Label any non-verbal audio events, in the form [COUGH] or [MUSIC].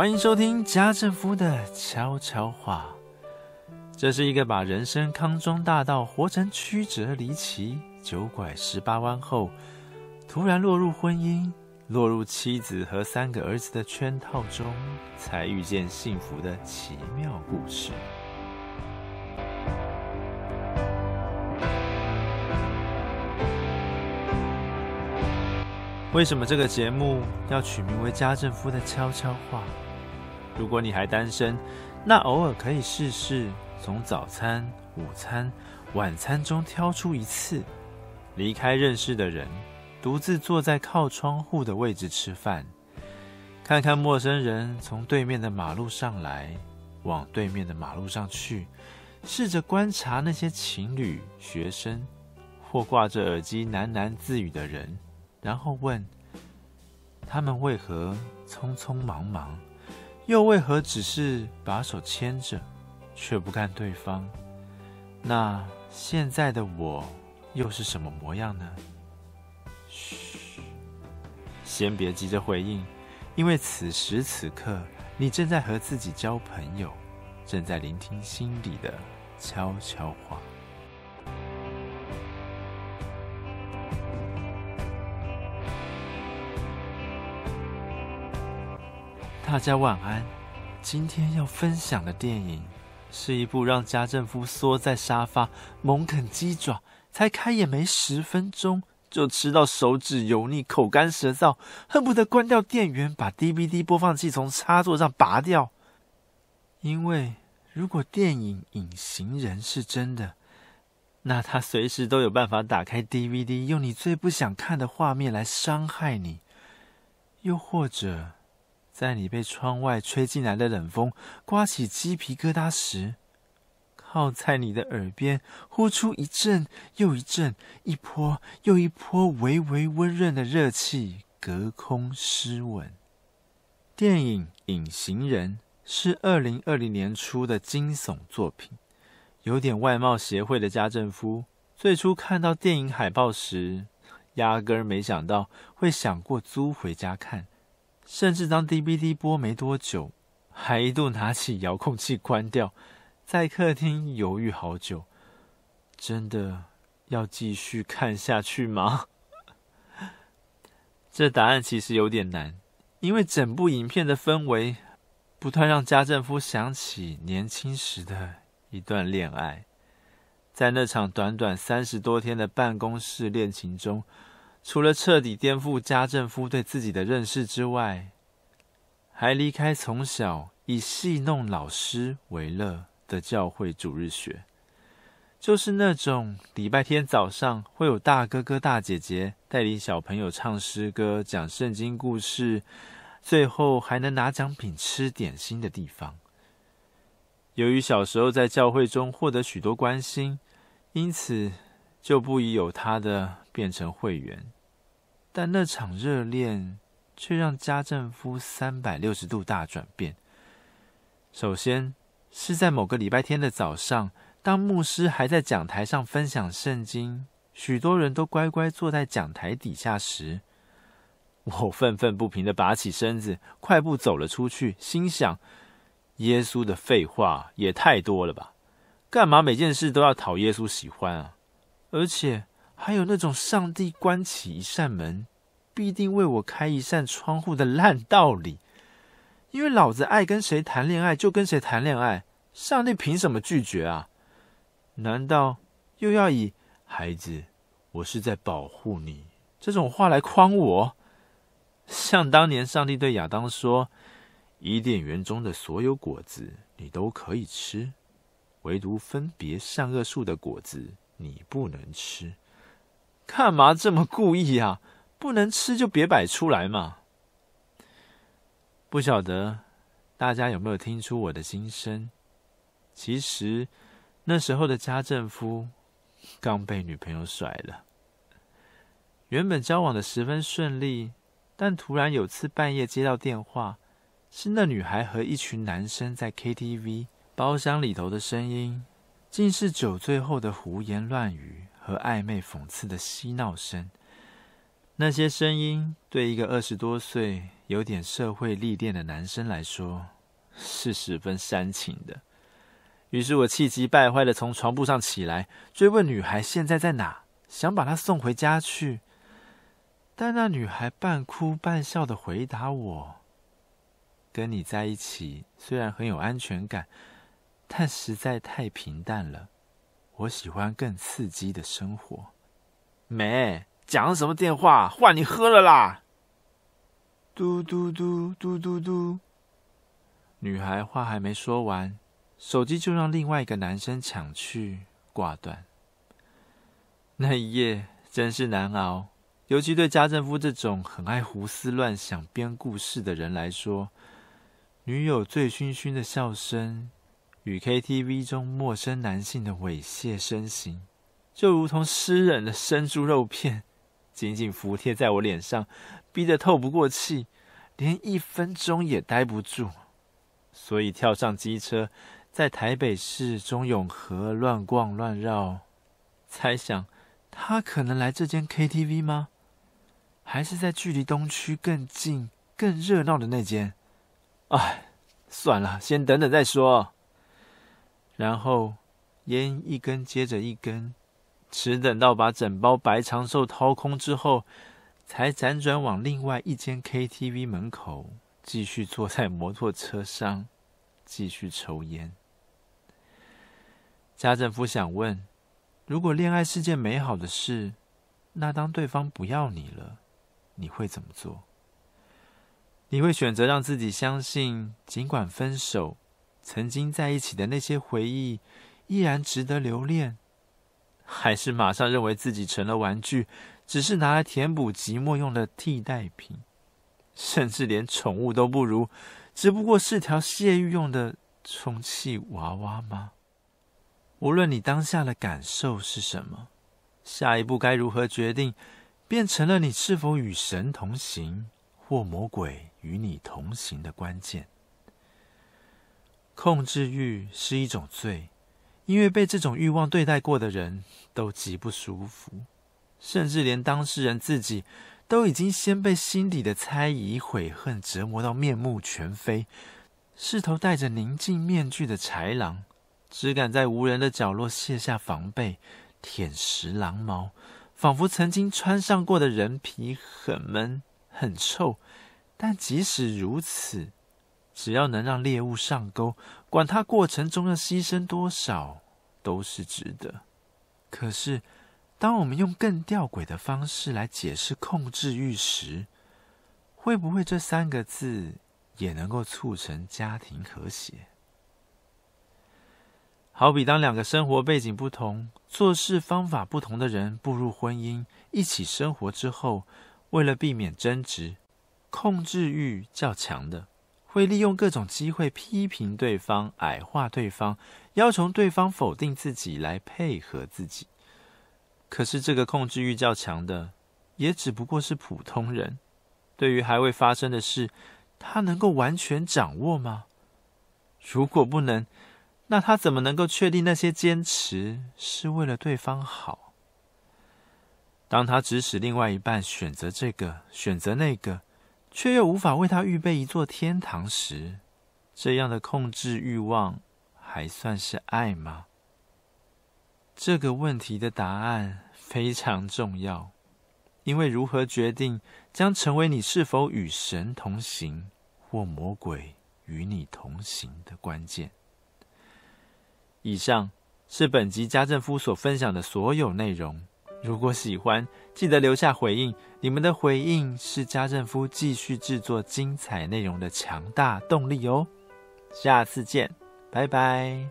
歡迎收聽家政夫的悄悄話。這是一個把人生康莊大道活成曲折離奇、九拐十八彎後，突然落入婚姻、落入妻子和三個兒子的圈套中，才遇見幸福的奇妙故事。為什麼這個節目要取名為《家政夫的悄悄話》？如果你還單身，那偶爾可以試試從早餐、午餐、晚餐中挑出一次，離開認識的人，獨自坐在靠窗戶的位置吃飯，看看陌生人從對面的馬路上來，往對面的馬路上去，試着觀察那些情侶、學生或掛着耳機喃喃自語的人，然後問他們為何匆匆忙忙。又為何只是把手牽着，卻不看對方？那現在的我又是什麼模樣呢？噓，先別急着回應，因為此時此刻你正在和自己交朋友，正在聆聽心裡的悄悄話。大家晚安。今天要分享的電影是一部讓家政夫縮在沙發猛啃雞爪，才開演沒十分鐘就吃到手指油膩、口乾舌燥，恨不得關掉電源，把 DVD 播放器從插座上拔掉。因為如果電影《隱形人》是真的，那他隨時都有辦法打開 DVD，用你最不想看的畫面來傷害你，又或者。在你被窗外吹進來的冷風颳起雞皮疙瘩時，靠在你的耳邊呼出一陣又一陣、一波又一波微微溫潤的熱氣，隔空濕吻。電影《隱形人》是二零二零年初的驚悚作品，有點外貌協會的家政夫。最初看到電影海報時，壓根兒沒想到會想過租回家看。甚至當 DVD 播沒多久，還一度拿起遙控器關掉，在客廳猶豫好久，真的要繼續看下去嗎？ [LAUGHS] 這答案其實有點難，因為整部影片的氛圍不斷讓家政夫想起年輕時的一段戀愛，在那場短短三十多天的辦公室戀情中。除了徹底顛覆家政夫對自己的認識之外，還離開從小以戲弄老師為樂的教會主日學，就是那種禮拜天早上會有大哥哥大姐姐帶領小朋友唱詩歌、講聖經故事，最後還能拿獎品吃點心的地方。由於小時候在教會中獲得許多關心，因此。就不宜有他的變成會員，但那場熱戀卻讓家政夫三百六十度大轉變。首先是在某個禮拜天的早上，當牧師還在講台上分享聖經，許多人都乖乖坐在講台底下時，我憤憤不平地拔起身子，快步走了出去，心想：耶穌的廢話也太多了吧？幹嘛每件事都要討耶穌喜歡啊？而且還有那種上帝關起一扇門，必定為我開一扇窗戶的爛道理，因為老子愛跟誰談戀愛就跟誰談戀愛，上帝憑什麼拒絕啊？難道又要以“孩子，我是在保護你”這種話來誆我？像當年上帝對亞當說：“伊甸園中的所有果子你都可以吃，唯獨分別善惡樹的果子。”你不能吃，幹嘛這麼故意啊？不能吃就別擺出來嘛。不曉得大家有沒有聽出我的心聲？其實那時候的家政夫剛被女朋友甩了，原本交往的十分順利，但突然有次半夜接到電話，是那女孩和一群男生在 KTV 包廂裡頭的聲音。竟是酒醉後的胡言亂語和曖昧諷刺的嬉鬧聲，那些聲音對一個二十多歲、有點社會歷練的男生來說是十分煽情的。於是，我氣急敗壞地從床鋪上起來，追問女孩現在在哪，想把她送回家去。但那女孩半哭半笑地回答我：“跟你在一起雖然很有安全感。”但實在太平淡了，我喜歡更刺激的生活。妹，講什麼電話，換你喝了啦！嘟嘟嘟嘟嘟嘟。女孩話還沒說完，手機就讓另外一個男生搶去，掛斷。那一夜真是難熬，尤其對家政夫這種很愛胡思亂想、編故事的人來說，女友醉醺醺的笑聲。與 KTV 中陌生男性的猥褻身形，就如同濕冷的生豬肉片，緊緊服貼在我臉上，逼得透不過氣，連一分鐘也待不住。所以跳上機車，在台北市中永和亂逛亂繞，猜想他可能來這間 KTV 嗎？還是在距離東區更近、更熱鬧的那間？唉，算了，先等等再說。然後，菸一根接着一根，只等到把整包白長壽掏空之後，才輾轉往另外一間 KTV 門口，繼續坐在摩托車上，繼續抽菸。家政夫想問：如果戀愛是件美好的事，那當對方不要你了，你會怎麼做？你會選擇讓自己相信，儘管分手？曾經在一起的那些回憶，依然值得留戀，還是馬上認為自己成了玩具，只是拿來填補寂寞用的替代品，甚至連寵物都不如，只不過是條洩慾用的充氣娃娃嗎？無論你當下的感受是什麼，下一步該如何決定，變成了你是否與神同行，或魔鬼與你同行的關鍵。控制慾是一種罪，因為被這種慾望對待過的人都極不舒服，甚至連當事人自己都已經先被心底的猜疑、悔恨折磨到面目全非。是頭戴着寧靜面具的豺狼，只敢在無人的角落卸下防備，舔食狼毛，仿佛曾經穿上過的人皮很悶、很臭。但即使如此。只要能讓獵物上鈎，管它過程中的犧牲多少都是值得。可是，當我們用更吊詭的方式來解釋控制欲時，會不會這三個字也能夠促成家庭和諧？好比當兩個生活背景不同、做事方法不同的人步入婚姻、一起生活之後，為了避免爭執，控制欲較強的。會利用各種機會批評對方、矮化對方，要求對方否定自己來配合自己。可是，這個控制欲較強的，也只不過是普通人。對於還未發生的事，他能夠完全掌握嗎？如果不能，那他怎麼能夠確定那些堅持是為了對方好？當他指使另外一半選擇這個、選擇那個。卻又無法為他預備一座天堂時，這樣的控制欲望還算是愛嗎？這個問題的答案非常重要，因為如何決定將成為你是否與神同行或魔鬼與你同行的關鍵。以上是本集家政夫所分享的所有內容。如果喜歡，記得留下回應，你們的回應是家政夫繼續製作精彩內容的強大動力哦。下次見，拜拜。